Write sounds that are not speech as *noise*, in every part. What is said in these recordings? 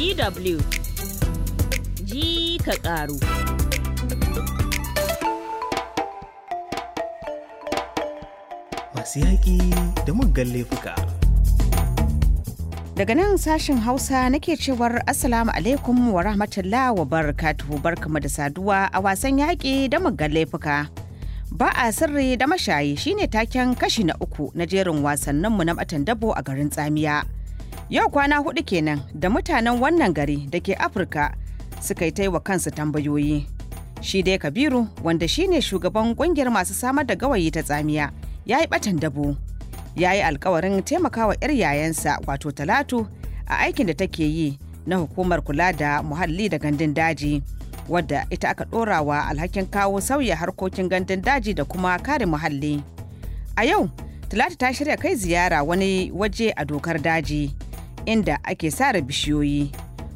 DW ji ka ƙaru. Masu yaƙi da muggan laifuka. Daga nan sashen Hausa nake cewar Assalamu alaikum wa rahmatullah wa barakatuhu barkama da saduwa a wasan yaƙi da muggan laifuka. Ba a sirri da mashayi shine taken kashi na uku na jerin wasanninmu na matan dabo a garin tsamiya. Yau kwana hudu kenan da mutanen wannan gari da ke Afirka suka yi wa kansu tambayoyi. Shi dai Kabiru wanda shi ne shugaban kungiyar masu samar da gawayi ta tsamiya ya yi batan dabo. Ya yi alkawarin taimakawa 'yar yayansa wato Talatu a aikin da take yi na hukumar kula da muhalli da gandun daji wadda ita aka ɗorawa alhakin kawo sauya harkokin gandun daji da kuma kare muhalli. A yau, Talatu ta shirya kai ziyara wani waje a dokar daji. inda ake sare bishiyoyi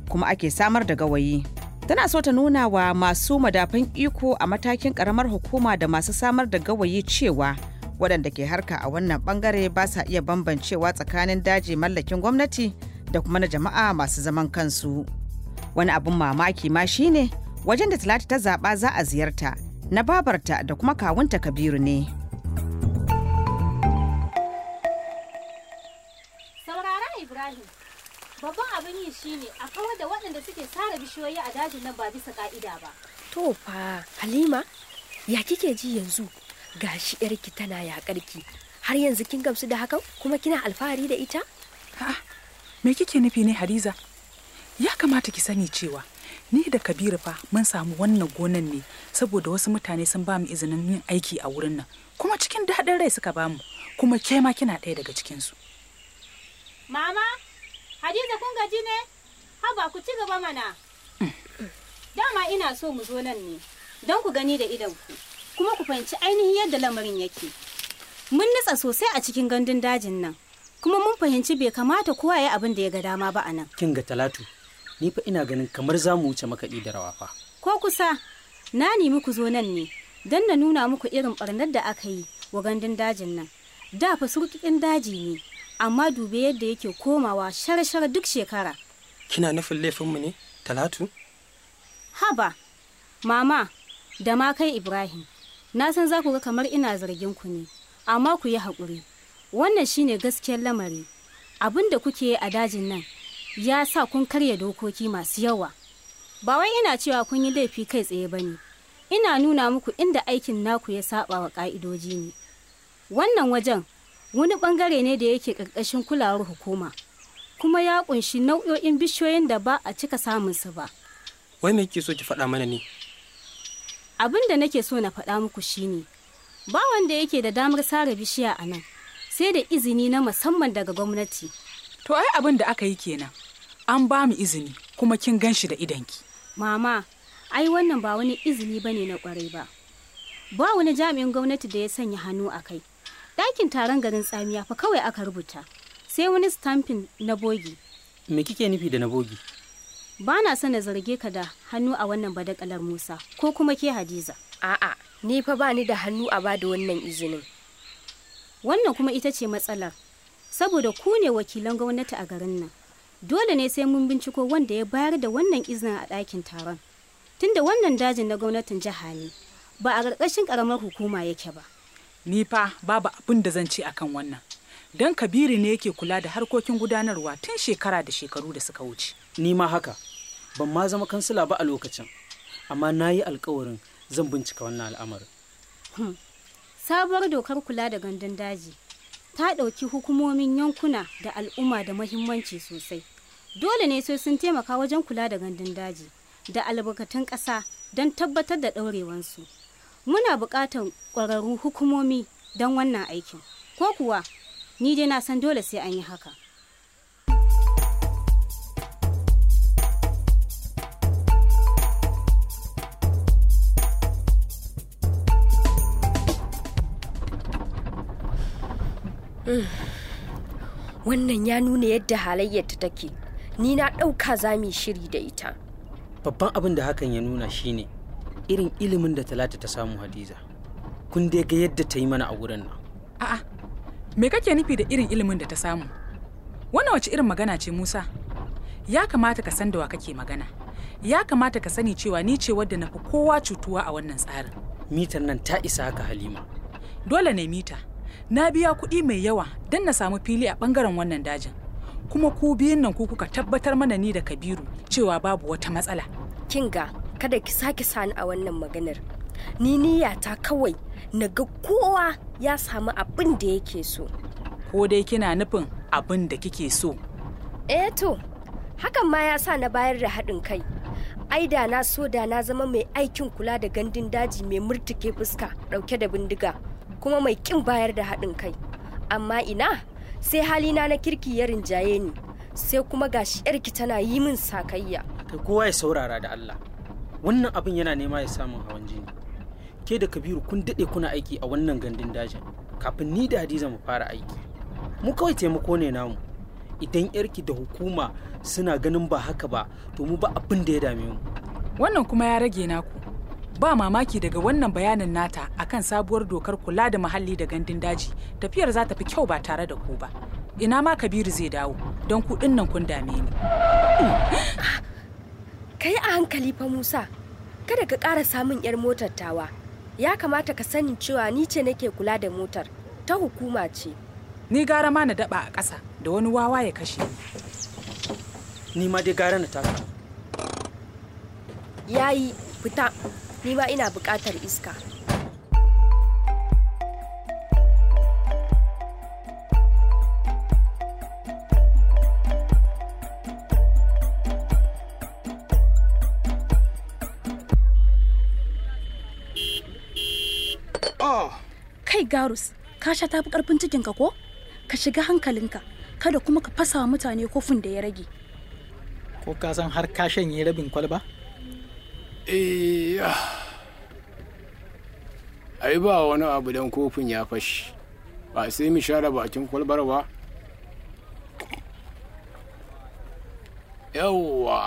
kuma ake samar da gawayi. Tana so ta nuna wa masu madafan iko a matakin karamar hukuma da masu samar da gawayi cewa waɗanda ke harka a wannan bangare ba sa iya bambancewa tsakanin daji mallakin gwamnati da kuma na jama'a masu zaman kansu. Wani abin mamaki ma shine wajen da Talatu ta zaɓa za a ziyarta na babarta da kuma kawunta Kabiru ne. shine a kawar da waɗanda suke sare bishiyoyi a dajin nan ba bisa ka'ida ba. To fa Halima ya kike ji yanzu gashi yarki tana yaƙarki har yanzu kin gamsu da hakan kuma kina alfahari da ita? A'a me kike nufi ne Hadiza? Ya kamata ki sani cewa ni da Kabiru fa mun samu wannan gonan ne saboda wasu mutane sun ba mu izinin yin aiki a wurin nan kuma cikin daɗin rai suka bamu kuma ke ma kina ɗaya daga cikinsu. Mama, Hadiza kun gaji ne? Haba ku ci gaba mana. Dama ina so mu zo nan ne don ku gani da ku kuma ku fahimci ainihin yadda lamarin yake. Mun nutsa sosai a cikin gandun dajin nan kuma mun fahimci bai kamata kowa ya abin da ya ga dama ba a nan. Kin ga Talatu, ni fa ina ganin kamar za mu wuce makaɗi da rawa fa. Ko kusa, na nemi ku zo nan ne don na nuna muku irin ɓarnar da aka yi wa gandun dajin nan. Da fa surkikin daji ne. amma dube yadda yake komawa shara-shara duk shekara kina nufin laifinmu ne talatu haba mama da ma kai ibrahim na san za ku ga kamar ina zargin ku ne amma ku yi haƙuri wannan shi ne gaskiyar lamari abin da kuke a dajin nan ya sa kun karya dokoki masu yawa ba wai ina cewa kun yi laifi kai tsaye ba ne ina nuna muku inda aikin naku ya saba wa ƙa'idoji ne wannan wajen wani bangare ne da yake ƙarƙashin kulawar hukuma kuma ya kunshi nau'o'in bishiyoyin da ba a cika samun su ba wai me kike so ki faɗa mana ne abin da nake so na faɗa muku shine ba wanda yake da damar sare bishiya a nan sai da izini na musamman daga gwamnati to ai abin da aka yi kenan an ba mu izini kuma kin gan shi da idanki mama ai wannan ba wani izini bane na kwarai ba ba wani jami'in gwamnati da ya sanya hannu a kai dakin taron garin tsamiya fa kawai aka rubuta. Sai wani stampin na bogi. Me kike nufi da na bogi? Ba na sana zarge ka da hannu a wannan badakalar Musa ko kuma ke Hadiza. A'a, ni fa ba ni da hannu a bada wannan izinin. Wannan kuma ita ce matsalar. Saboda ku ne wakilan gwamnati a garin nan. Dole ne sai mun binciko wanda ya bayar da wannan izinin a ɗakin taron. Tunda wannan dajin na gwamnatin jiha ne, ba a ƙarƙashin ƙaramar hukuma yake ba. ni fa babu abin da zan ce akan wannan dan kabiru ne yake kula da harkokin gudanarwa tun shekara da shekaru da suka wuce ni ma haka ban ma zama kansila ba a lokacin amma na yi alkawarin zan bincika wannan al'amarin hmm. sabuwar dokar kula da gandun daji ta ɗauki hukumomin yankuna da al'umma da mahimmanci sosai dole ne sai sun taimaka wajen kula da gandun daji da albarkatun ƙasa don tabbatar da ɗaurewansu. muna buƙatar ƙwararru hukumomi don wannan aikin ko kuwa ni dai na san dole sai an yi haka *sighs* wannan ya nuna yadda halayyarta take ni na ɗauka zamu shiri da ita babban abin da hakan ya nuna shine irin ilimin da talata ta samu hadiza kun dai ga yadda ta yi mana a wurin nan a'a me kake nufi da irin ilimin da ta samu wannan wace irin magana ce musa ya kamata ka san da wa kake magana ya kamata ka sani cewa ni ce wadda na fi kowa cutuwa a wannan tsarin mitar nan ta isa haka halima dole ne mita na biya kuɗi mai yawa don na samu fili a ɓangaren wannan dajin kuma ku biyun nan ku kuka tabbatar mana ni da kabiru cewa babu wata matsala kinga kada ki sake sani a wannan maganar ni niyata kawai na ga kowa ya samu abin da yake so ko dai kina nufin abin da kike so eh to hakan ma ya sa na bayar da haɗin kai ai da na so da na zama mai aikin kula da gandun daji mai murtuke fuska ɗauke da bindiga kuma mai ƙin bayar da haɗin kai amma ina sai halina na kirki ya rinjaye ni sai kuma gashi yarki tana yi min sakayya kai kowa ya saurara da Allah wannan abin yana nema ya samun hawan jini ke da kabiru kun daɗe kuna aiki a wannan gandun dajin kafin ni da hadiza mu fara aiki mu kawai taimako ne namu idan yarki da hukuma suna ganin ba haka ba to mu ba abin da ya dame mu wannan kuma ya rage naku ba mamaki daga wannan bayanin nata akan sabuwar dokar kula da muhalli da gandun daji tafiyar za ta fi kyau ba tare da ku ba ina ma kabiru zai dawo don ku dinnan kun dame ni *laughs* ka yi a hankali fa musa kada ka ƙara samun 'yar motar tawa ya kamata ka sani cewa ni ce nake kula da motar ta hukuma ce ni gara ma na daba a ƙasa da wani wawa ya kashe ni ma dai gara na taka yayi fita ni ma ina buƙatar iska Oh. Kai Garus, ka sha tafi karfin cikinka ko? Ka shiga hankalinka, kada kuma ka fasa wa mutane kofin da ya rage. Ko ka san har ka shanye rabin kwalba? Eh, ah. ai ba wani abu dan kofin ya fashi. Ba sai mu share bakin kwalbar ba. Yawwa,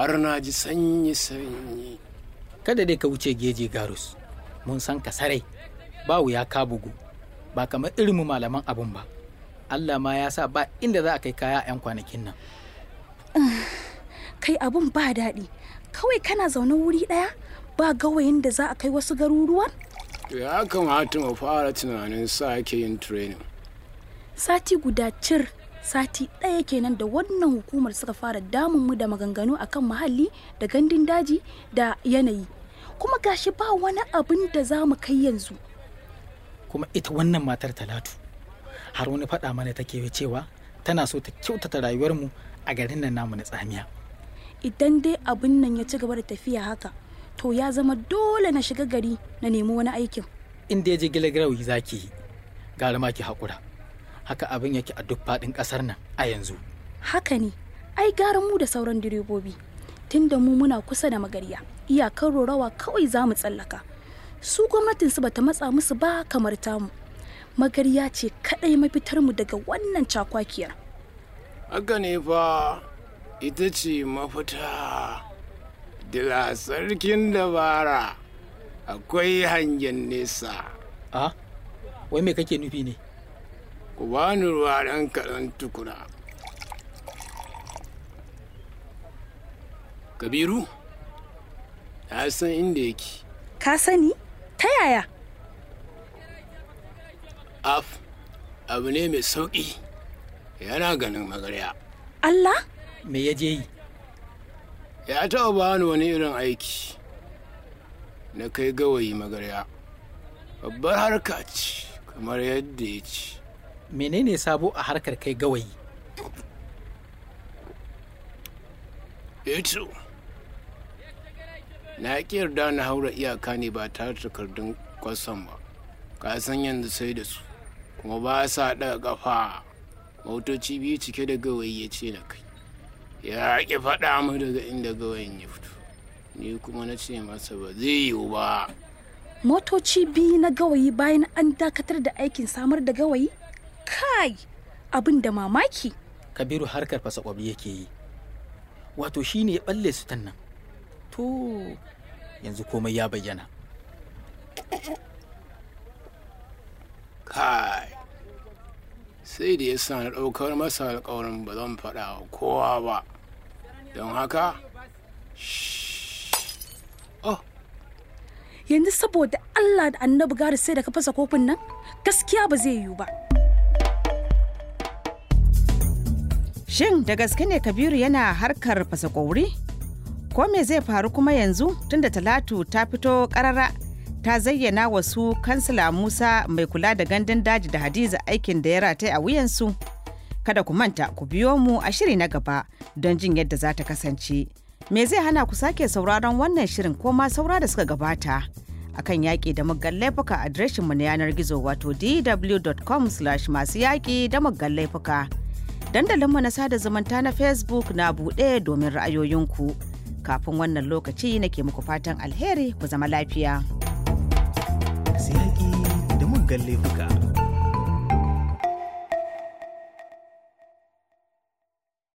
har na ji sanyi-sanyi. Kada dai ka wuce geji Garus. mun san ka sarai ba wuya ka bugu ba kamar irin mu malaman abun ba Allah ma ya sa ba inda za a kai kaya a 'yan kwanakin nan kai abun ba daɗi kawai kana zaune wuri ɗaya ba gawayin da za a kai wasu garuruwan ya kamata mu fara tunanin sake yin training sati guda cir sati ɗaya kenan da wannan hukumar suka fara damun mu da maganganu akan muhalli da gandun daji da yanayi kuma gashi ba wani abin da za mu kai yanzu kuma ita wannan matar talatu har wani faɗa mana take cewa tana so ta kyautata rayuwarmu a garin nan namu na tsamiya idan dai abin nan ya ci gaba da tafiya haka to ya zama dole na shiga gari na nemi wani aikin inda ya je gilagirawi za ki yi gara ma ki haƙura haka abin yake a duk faɗin ƙasar nan a yanzu haka ne ai gara mu da sauran direbobi tunda mu muna kusa da magarya iyakar rorawa kawai za mu tsallaka su gwamnatin su bata matsa musu ba kamar tamu magarya ce kadai mafitar mu daga wannan cakwakiyar haka ne fa ita ce mafita dila sarkin dabara akwai hangen nesa a ah, wai mai kake nufi ne ku bani ruwa ɗan kaɗan tukuna kabiru Ya san inda yake. Ka sani? Ta yaya? Af, abu ne mai sauƙi. Yana ganin magarya. Allah? Me ya je yi? Ya taɓa ba ni wani irin aiki. Na kai gawayi magarya. Babbar harka ce, kamar yadda ya ce. Menene sabo a harkar kai gawayi? Eto. Eh na ƙi yarda na haura iyaka ne ba tare da takardun kwasan ba ka san yanzu sai da su kuma ba sa daga kafa motoci biyu cike da gawayi ya ce na kai ya ƙi faɗa mu daga inda gawayin ya fito ni kuma na ce masa ba zai yiwu ba motoci biyu na gawayi bayan an dakatar da aikin samar da gawayi kai abin da mamaki kabiru harkar fasa kwabi yake yi wato shine ya balle su tannan to yanzu komai ya bayyana kai sai da ya na ɗaukar masa alkawarin ba zan faɗa wa kowa ba don haka oh. yanzu saboda allah da annabi gari sai da ka fasa kofin nan gaskiya ba zai yiwu ba shin da gaske ne kabiru yana harkar fasa ƙauri Ko me zai faru kuma yanzu tunda Talatu ta fito karara ta zayyana wasu kansila Musa mai kula da gandun daji da Hadiza aikin da ya rataye a wuyansu. Kada ku manta ku biyo mu a shiri na gaba don jin yadda za ta kasance. Me zai hana ku sake sauraron wannan shirin ko ma saura da suka gabata? akan yaƙi da muggan laifuka adireshin mu na yanar gizo wato dw.com slash masu yaƙi da muggan laifuka. Dandalinmu na sada zumunta na Facebook na buɗe domin ra'ayoyinku. Kafin wannan lokaci nake muku fatan alheri ku zama lafiya. Siyaki da muggan laifuka.